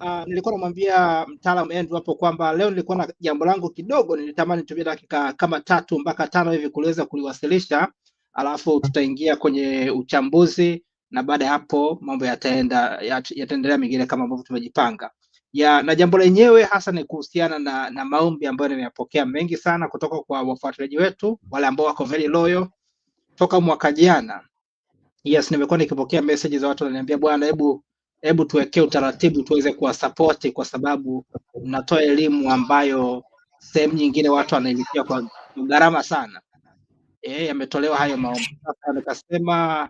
Uh, nilikuwa namwambia mtaalamu Andrew hapo kwamba leo nilikuwa na jambo langu kidogo, nilitamani tumie dakika kama tatu mpaka tano hivi kuliweza kuliwasilisha, alafu tutaingia kwenye uchambuzi na baada ya hapo mambo yataenda yataendelea mengine kama ambavyo tumejipanga ya na jambo lenyewe hasa ni kuhusiana na, na maombi ambayo nimeyapokea mengi sana kutoka kwa wafuatiliaji wetu wale ambao wako very loyal toka mwaka jana. Yes, nimekuwa nikipokea message za watu wananiambia, bwana, hebu hebu tuwekee utaratibu tuweze kuwasapoti, kwa sababu mnatoa elimu ambayo sehemu nyingine watu wanailipia kwa gharama sana. E, yametolewa hayo maombi. Sasa nikasema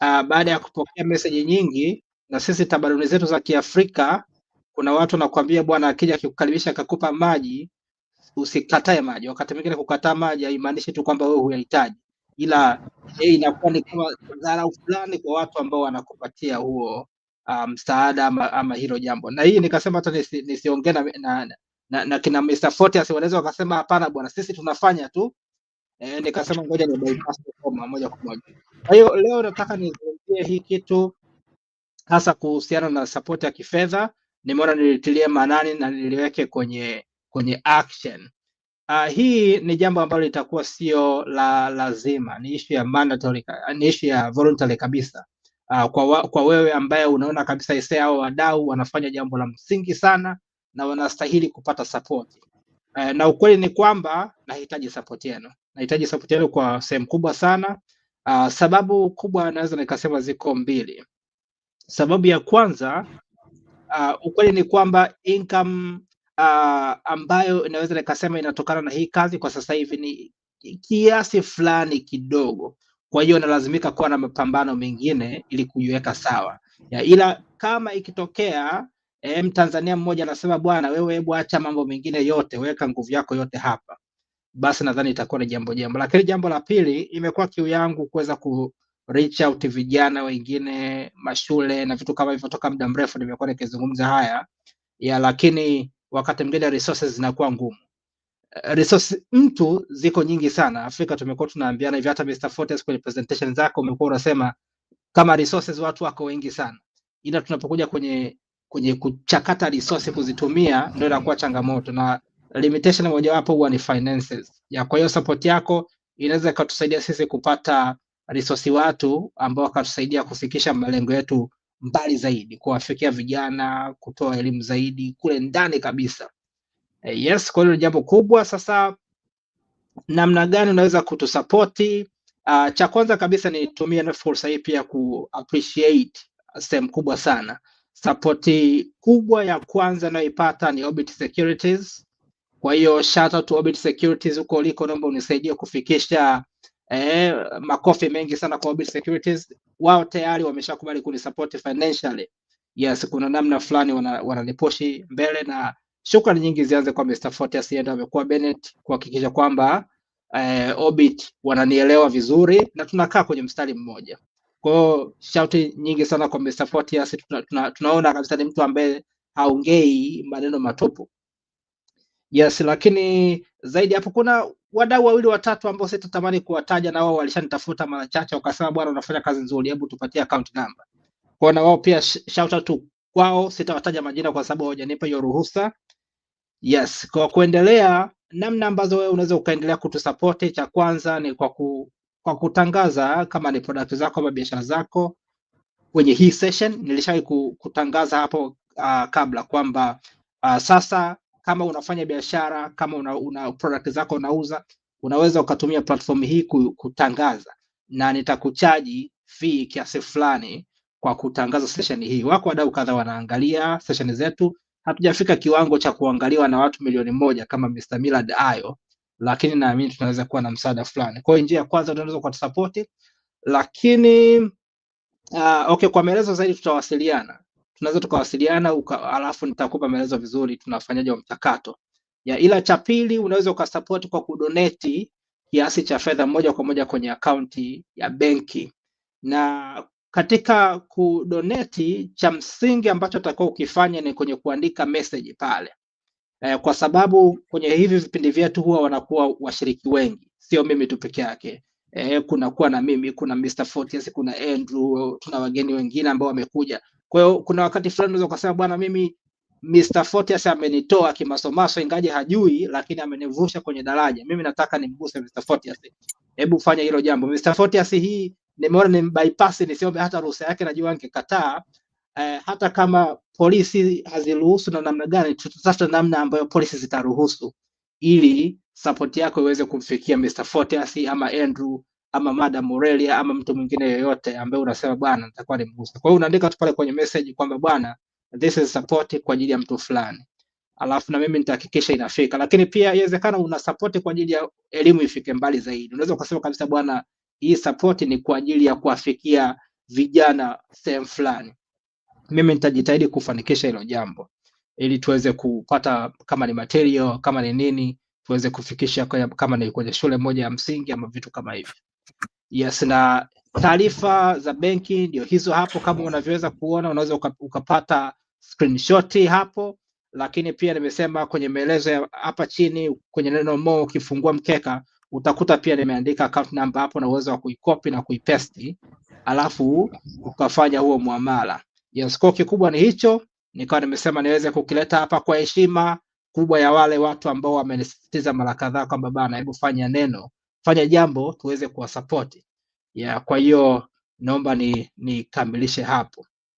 uh, baada ya kupokea meseji nyingi, na sisi tamaduni zetu za Kiafrika kuna watu wanakuambia bwana akija akikukaribisha akakupa maji usikatae maji. Wakati mwingine kukataa maji haimaanishi tu kwamba wewe huyahitaji, ila eh, inakuwa ni kama dharau fulani kwa watu ambao wanakupatia huo msaada um, ama, ama hilo jambo. Na hii nikasema hata nisiongee nisi na, na, na, na kina Mr. Fortius wanaweza wakasema hapana bwana, sisi tunafanya tu e, nikasema ngoja ni bypass kwa moja kwa moja. Kwa hiyo leo nataka nizungumzie hii kitu hasa kuhusiana na support ya kifedha, nimeona nilitilie manani na niliweke kwenye kwenye action. Uh, hii ni jambo ambalo litakuwa sio la lazima, ni issue ya mandatory, ni issue ya voluntary kabisa uh, kwa, wa, kwa wewe ambaye unaona kabisa ise hao wadau wanafanya jambo la msingi sana na wanastahili kupata sapoti uh, eh, na ukweli ni kwamba nahitaji sapoti yenu, nahitaji sapoti yenu kwa sehemu kubwa sana. Uh, sababu kubwa naweza nikasema ziko mbili. Sababu ya kwanza uh, ukweli ni kwamba income uh, ambayo inaweza nikasema inatokana na hii kazi kwa sasa hivi ni kiasi fulani kidogo kwa hiyo nalazimika kuwa na mapambano mengine ili kujiweka sawa ya, ila kama ikitokea eh, Mtanzania mmoja anasema bwana, wewe hebu acha mambo mengine yote, weka nguvu yako yote hapa, basi nadhani itakuwa ni jambo jema. Lakini jambo la pili, imekuwa kiu yangu kuweza ku reach out vijana wengine mashule na vitu kama hivyo, toka muda mrefu nimekuwa nikizungumza haya ya, lakini wakati mwingine resources zinakuwa ngumu resources mtu ziko nyingi sana. Afrika tumekuwa tunaambiana hivyo, hata Mr. Fortes kwenye presentation zako umekuwa unasema kama resources watu wako wengi sana, ila tunapokuja kwenye kwenye kuchakata resources kuzitumia ndio inakuwa changamoto, na limitation mojawapo huwa ni finances ya. Kwa hiyo support yako inaweza ikatusaidia sisi kupata resource watu ambao wakatusaidia kufikisha malengo yetu mbali zaidi, kuwafikia vijana, kutoa elimu zaidi kule ndani kabisa Eh, yes, kwa hiyo ni jambo kubwa. Sasa namna gani unaweza kutusapoti? Uh, ah, cha kwanza kabisa nitumie na fursa hii pia ku appreciate sehemu kubwa sana sapoti kubwa ya kwanza nayoipata ni Orbit Securities. Kwa hiyo shout out to Orbit Securities huko uliko, naomba unisaidie kufikisha eh, makofi mengi sana kwa Orbit Securities. Wao tayari wameshakubali kunisupport financially. Yes, kuna namna fulani wananiposhi wana mbele na shukrani nyingi zianze kwa Mr. Fortius, Yenda, amekuwa Bennett kuhakikisha kwamba eh, Orbit wananielewa vizuri na tunakaa kwenye mstari mmoja. Kwa hiyo shauti nyingi sana kwa Mr. Fortius, tuna, tuna, tunaona kabisa ni mtu ambaye haongei maneno matupu. Yes, lakini zaidi hapo kuna wadau wawili watatu ambao sitatamani kuwataja, na wao walishanitafuta mara chache, wakasema bwana, unafanya kazi nzuri, hebu tupatie account number. Kwa na wao pia shout out kwao, sitawataja majina kwa sababu hawajanipa hiyo ruhusa, Yes, kwa kuendelea namna ambazo wewe unaweza ukaendelea kutusapoti, cha kwanza ni kwa, ku, kwa kutangaza kama ni product zako ama biashara zako kwenye hii session. Nilishawahi kutangaza hapo uh, kabla kwamba uh, sasa kama unafanya biashara kama una, una product zako unauza, unaweza ukatumia platform hii kutangaza, na nitakuchaji fee kiasi fulani kwa kutangaza session hii. Wako wadau kadhaa wanaangalia session zetu hatujafika kiwango cha kuangaliwa na watu milioni moja kama Mr. Millard Ayo, lakini naamini tunaweza kuwa na msaada fulani. Kwa hiyo njia ya kwanza tunaweza kwa support, lakini uh, okay, kwa maelezo zaidi tutawasiliana, tunaweza tukawasiliana, alafu nitakupa maelezo vizuri tunafanyaje mchakato ya ila cha pili unaweza ukasupport kwa kudoneti kiasi cha fedha moja kwa moja kwenye akaunti ya benki na katika kudoneti, cha msingi ambacho utakuwa ukifanya ni kwenye kuandika message pale eh, kwa sababu kwenye hivi vipindi vyetu huwa wanakuwa washiriki wengi, sio mimi tu peke yake eh, kuna kuwa na mimi, kuna Mr. Fortius, kuna Andrew, tuna wageni wengine ambao wamekuja. Kwa hiyo kuna wakati fulani unaweza kusema bwana, mimi Mr. Fortius amenitoa kimasomaso ingaje hajui, lakini amenivusha kwenye daraja. Mimi nataka nimguse Mr. Fortius. Hebu fanya hilo jambo. Mr. Fortius, hii nimeona ni bypass nisiombe hata ruhusa yake, najua angekataa. Eh, hata kama polisi haziruhusu na namna gani, tutatafuta namna ambayo polisi zitaruhusu ili support yako iweze kumfikia Mr. Fortius ama Andrew ama Madam Morelia ama mtu mwingine yoyote ambaye unasema bwana, nitakuwa nimgusa. Kwa hiyo unaandika tu pale kwenye message kwamba bwana, this is support kwa ajili ya mtu fulani, alafu na mimi nitahakikisha inafika. Lakini pia inawezekana una support kwa ajili ya elimu ifike mbali zaidi. Unaweza ukasema kabisa bwana hii support ni kwa ajili ya kuwafikia vijana sehemu fulani. Mimi nitajitahidi kufanikisha hilo jambo ili tuweze kupata kama ni material kama ni nini tuweze kufikisha kwa, kama ni kwenye shule moja ya msingi ama vitu kama hivyo. Yes, na taarifa za benki ndio hizo hapo, kama unavyoweza kuona, unaweza ukapata screenshot hapo, lakini pia nimesema kwenye maelezo hapa chini kwenye neno mo, ukifungua mkeka utakuta pia nimeandika account number hapo na uwezo wa kuicopy na kuipaste, alafu ukafanya huo muamala. Yes, kwa kikubwa ni hicho, nikawa nimesema niweze kukileta hapa kwa heshima kubwa ya wale watu ambao wamenisisitiza mara kadhaa kwamba bana, hebu fanya neno, fanya jambo tuweze kuwasapoti. Yeah, kwa hiyo naomba ni nikamilishe hapo.